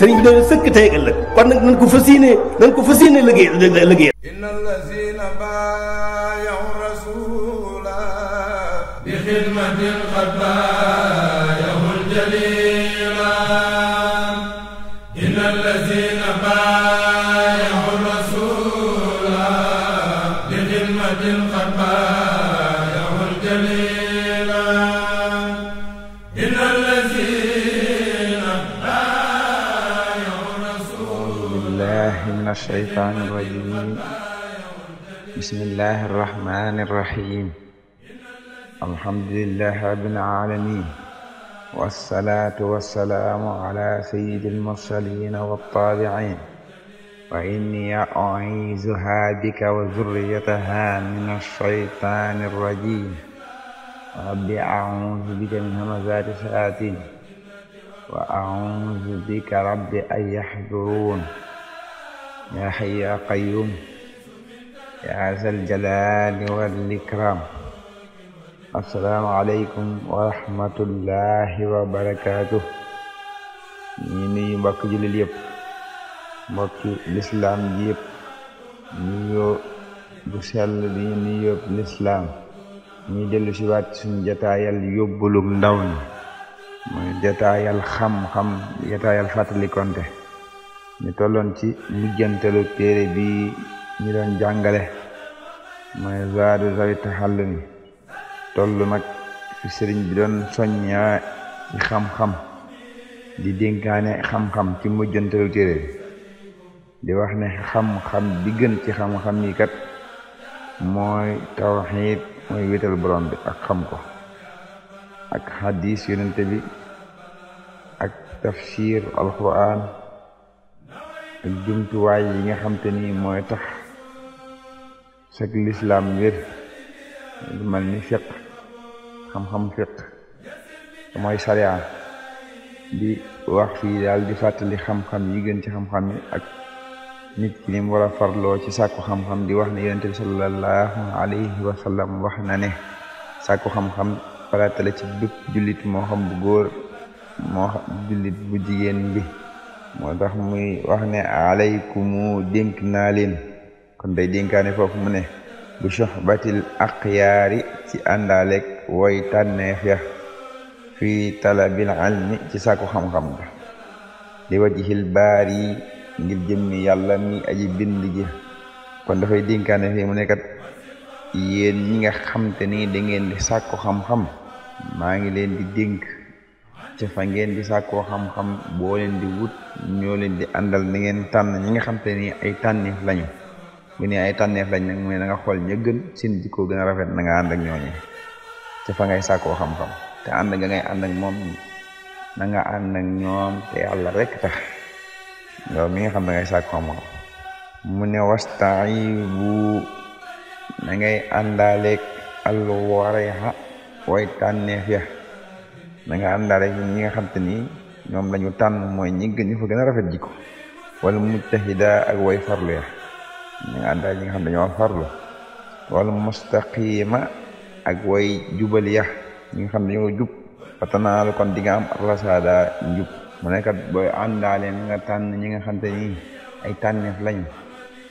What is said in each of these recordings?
sëriñ bi dañu sëkk tey ëllëg kon nag nañ ko fas yéene nañ ko fas yéene liggéey liggéey inna allazina baayahu rasula bi xidmatin qad baayahul jalila inna allazina بالله من الشيطان الرجيم بسم الله الرحمن الرحيم الحمد لله رب العالمين والصلاة والسلام على سيد المرسلين والطابعين وإني أعيذها بك وذريتها من الشيطان الرجيم رب أعوذ بك من همزات الشياطين وأعوذ بك رب أن يحضرون yaa hayyu yaa qayyuum yaa zal jalaali wal ikraam assalaamu aleykum wa rahmatullaahi wa barakaatuh ñi nuyu mbokk jullit yëpp mbokki lislaam ji yëpp nuyoo bu sell bi nuyoo lislaam ñi dellu si waat suñ jataayal yóbbulum ndaw ñi mooy jataayal xam-xam jataayal fàttalikonte ñu tolloon ci mujjantelu téere bi ñu doon jàngale mooy zaadu zawi taxallumi tollu nag fi sëriñ bi doon soññaa xam-xam di dénkaane xam-xam ci mujjantelu téere di wax ne xam-xam bi ci xam-xam yi kat mooy tawxiid mooy wéetal borom bi ak xam ko ak xadiis yonente bi ak tafsir alquran ak jumtuwaay yi nga xam te ni mooy tax sag lislaam wér lu mel ni fiq xam-xam fiq mooy sariya di wax fi daal di fàttali xam-xam yi gën ci xam-xam yi ak nit ki ni mu war a farloo ci sàkku xam-xam di wax ne yonente bi sallallahu alayhi wa sallam wax na ne sàkku xam-xam farata ci bépp jullit moo xam bu góor moo xam jullit bu jigéen bi moo tax muy wax ne alaykumu dénk naa leen kon day dénkaane foofu mu ne bu soxbatil axyaari ci àndaaleeg way tànneef ya fii talabil ilmi ci sàkku xam-xam ga li wajhil baari ngir jëmmi yàlla mi aji bind ji kon dafay dénkaane fii mu nekkat yéen ñi nga xam te ni da ngeen di sàkku xam-xam maa ngi leen di dénk te ngeen di sàkkoo xam-xam boo leen di wut ñoo leen di àndal na ngeen tànn ñi nga xam te ni ay tànneef lañu bu ni ay tànneef lañ nag mooy na nga xool ña gën seen jikkoo gën a rafet na nga ànd ak te fa ngay sàkkoo xam nga ngay ànd ak moom na nga ànd ñoom te yàlla rek tax mi nga xam ne ngay sàkkoo xam-xam mu ne wastaibu na ngay àndaaleeg ya na nga àndaale ñi nga xam te ñoom lañu ñu tànn mooy ñi gën ñu fa a rafet jikko wala mujtahida ak way farlu ya na nga àndaale ñi nga xam dañoo farlu wala mustaqima ak way jubal ya ñi nga xam dañoo jub fatanaalu kon mu nekkat booy àndaale na tànn ñi nga xam ni ay tànneef lañu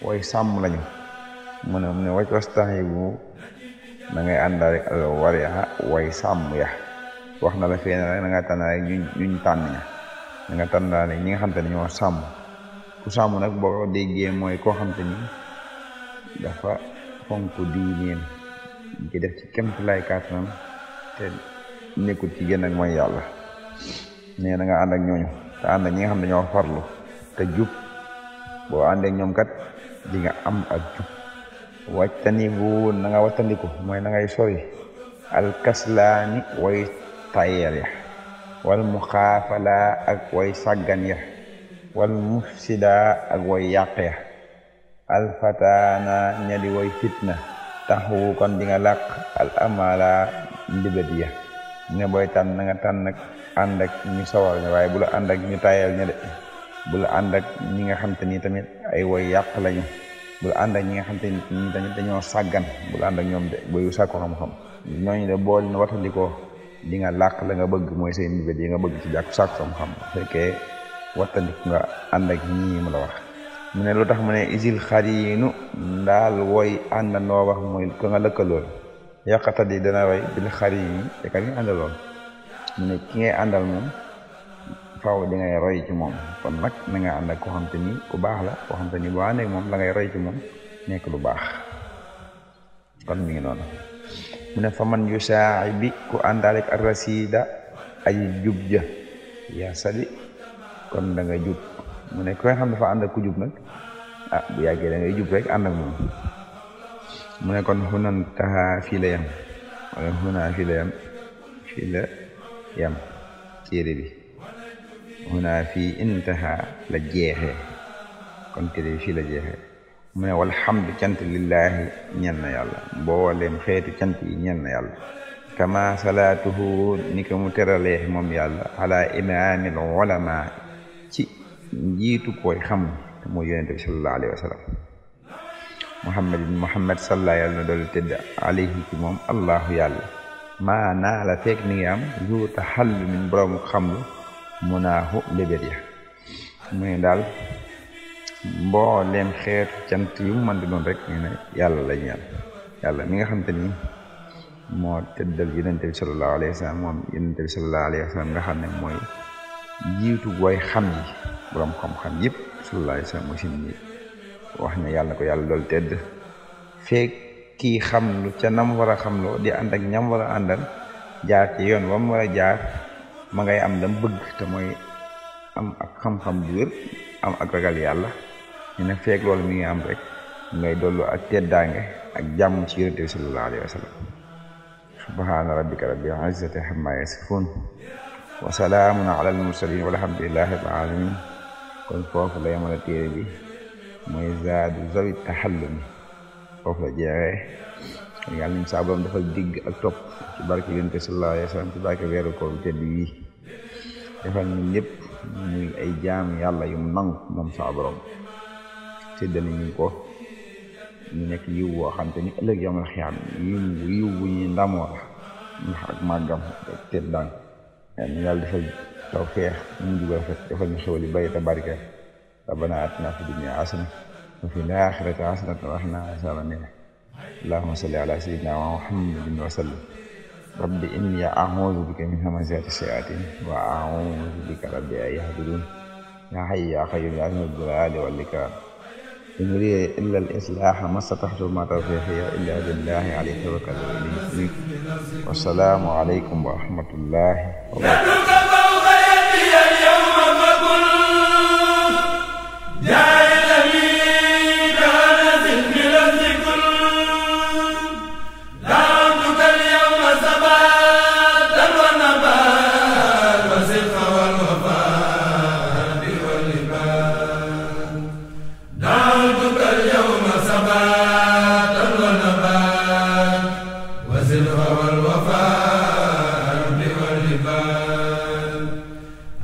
way sàmm lañu mu ne mu ne wac wastaxibu na ngay àndaale al way sàmm wax na la fee ne rek na nga tànn rek ñu ñu tànn na nga tànn daal ñi nga xam te ne ñoo sàmm ku sàmm nag boo ko déggee mooy koo xam te ni dafa fonk diineem ñu ci def lay kàttanam te nekkul ci gën mooy yàlla nee na nga ànd ak ñooñu te ànd ak ñi nga xam ne ñoo farlu te jub boo àndee ñoom kat di nga am ak jub wàccani na nga wattandiku mooy na ngay sori alkaslaani way tayel ya wal muxaafala ak way sàggan ya wal mufsida ak way yàq ya alfataana ña di way fitna taxawu kon di nga làq al amala ndibét ya ne booy tànn na nga tànn ak ànd ak ñu sawar ne waaye bu la ànd ak ñu tayel ña de bu la ànd ak ñi nga xam te ni tamit ay way yàq lañu bu la ànd ak ñi nga xam te ni tamit dañoo sàggan bu la ànd ak ñoom de boyu sàkko xam-xam ñooñu de bool na watandikoo di nga làq bëgg mooy seen nibét yi bëgg ci jàkk sàkku xam-xam fekkee wattandiku nga ànd ak la wax mu ne lu tax mu ne isil xariinu ndaal woy ànd noo wax mooy ko nga lëkkalool yàqata di dana way bil xariini te ka nga àndalool mu roy ci moom kon nag na nga ànd ak koo xam te ni ku baax la koo xam te ni boo ànd moom la ngay roy moom nekk lu baax kon mi ngi noonu mu ne fa man yu saaxi bi ku àndaalek ak rasida aji jub ja sadi kon da nga jub mu koy xam dafa ànd ak ku jub nag ah bu yàggee da ngay jub rek ànd ak moom mu ne kon xunan taxa fii la yam wala xunaa fii la yam fii yam téere bi xunaa fii intaxa la jeexee kon téere bi fii la mu ne walhamdu cant lillaahi ñenn yàlla mboolem xeetu cant yi ñenn yàlla ni ko mu teralee moom yàlla ala imaamil ulama ci njiitu koy xam te mooy yonente bi sallallahu alayhi wa sallam muhammad ibn muhammad min boroomu xam lu munaahu lébét ya mu ne daal mbooleem xeetu cant yu man mën doon rek nee na yàlla la ñaan yàlla mi nga xam te ni moo tëddal yonente bi sallallahu alayhi wa sallam moom yonente bi wa sallam nga xam ne mooy jiitu way xam yi borom xam-xam yëpp sallallahu wa sallam mooy seen njiit wax ne yàlla ko yàlla dool tedd feek kii xam lu ca nam war a xam loo di ànd ak ñam wara a àndal jaar ci yoon wa mu war a jaar ma ngay am lam bëgg te mooy am ak xam-xam bu am ak ragal yàlla ñu ne feek loolu mi ngi am rek ngay dollu ak teddaange ak jàmm ci yonente bi sallallahu alayhi wa sallam subhaana rabbika rabbil izzati amma yasifun wa salaamun ala al mursalin walhamdulillahi rabbil alamin kon foofu la yemale téere bi mooy zaadu zawi taxallumi foofu la jeexee yàlla ñu saa borom dafa digg ak topp ci barke yonent bi sallallahu alayhi wa sallam ci barke weeru koor bu tedd wii defal ñu lépp muy ay jaam yàlla yu mu nangu moom saa borom séddale ñu ko ñu nekk yiw woo xam te ni ëllëg yomal xiyaam yiw yiw bu ñuy ndamoo la ndax ak màggam ak teddaan ñu yàlla defal taw feex ñu juga rafet defal ñu xewal yi bari te barke rabbana atina fi dunya hasana wa fil akhirati hasanatan wa qina azaban nar allahumma salli ala sayyidina muhammadin wa sallim rabbi inni a'udhu bika min hamazati shayatin wa a'udhu bika rabbi an yahdurun ya hayyu ya qayyum ya dhal jalali wal ikram in uriidu illa al-islaaha ma stata'tu wa ma tawfiiqi illa billaahi alayhi tawakkaltu wa ilayhi uniib wa salaamu aleykum wa rahmatullaahi wa barakaatuh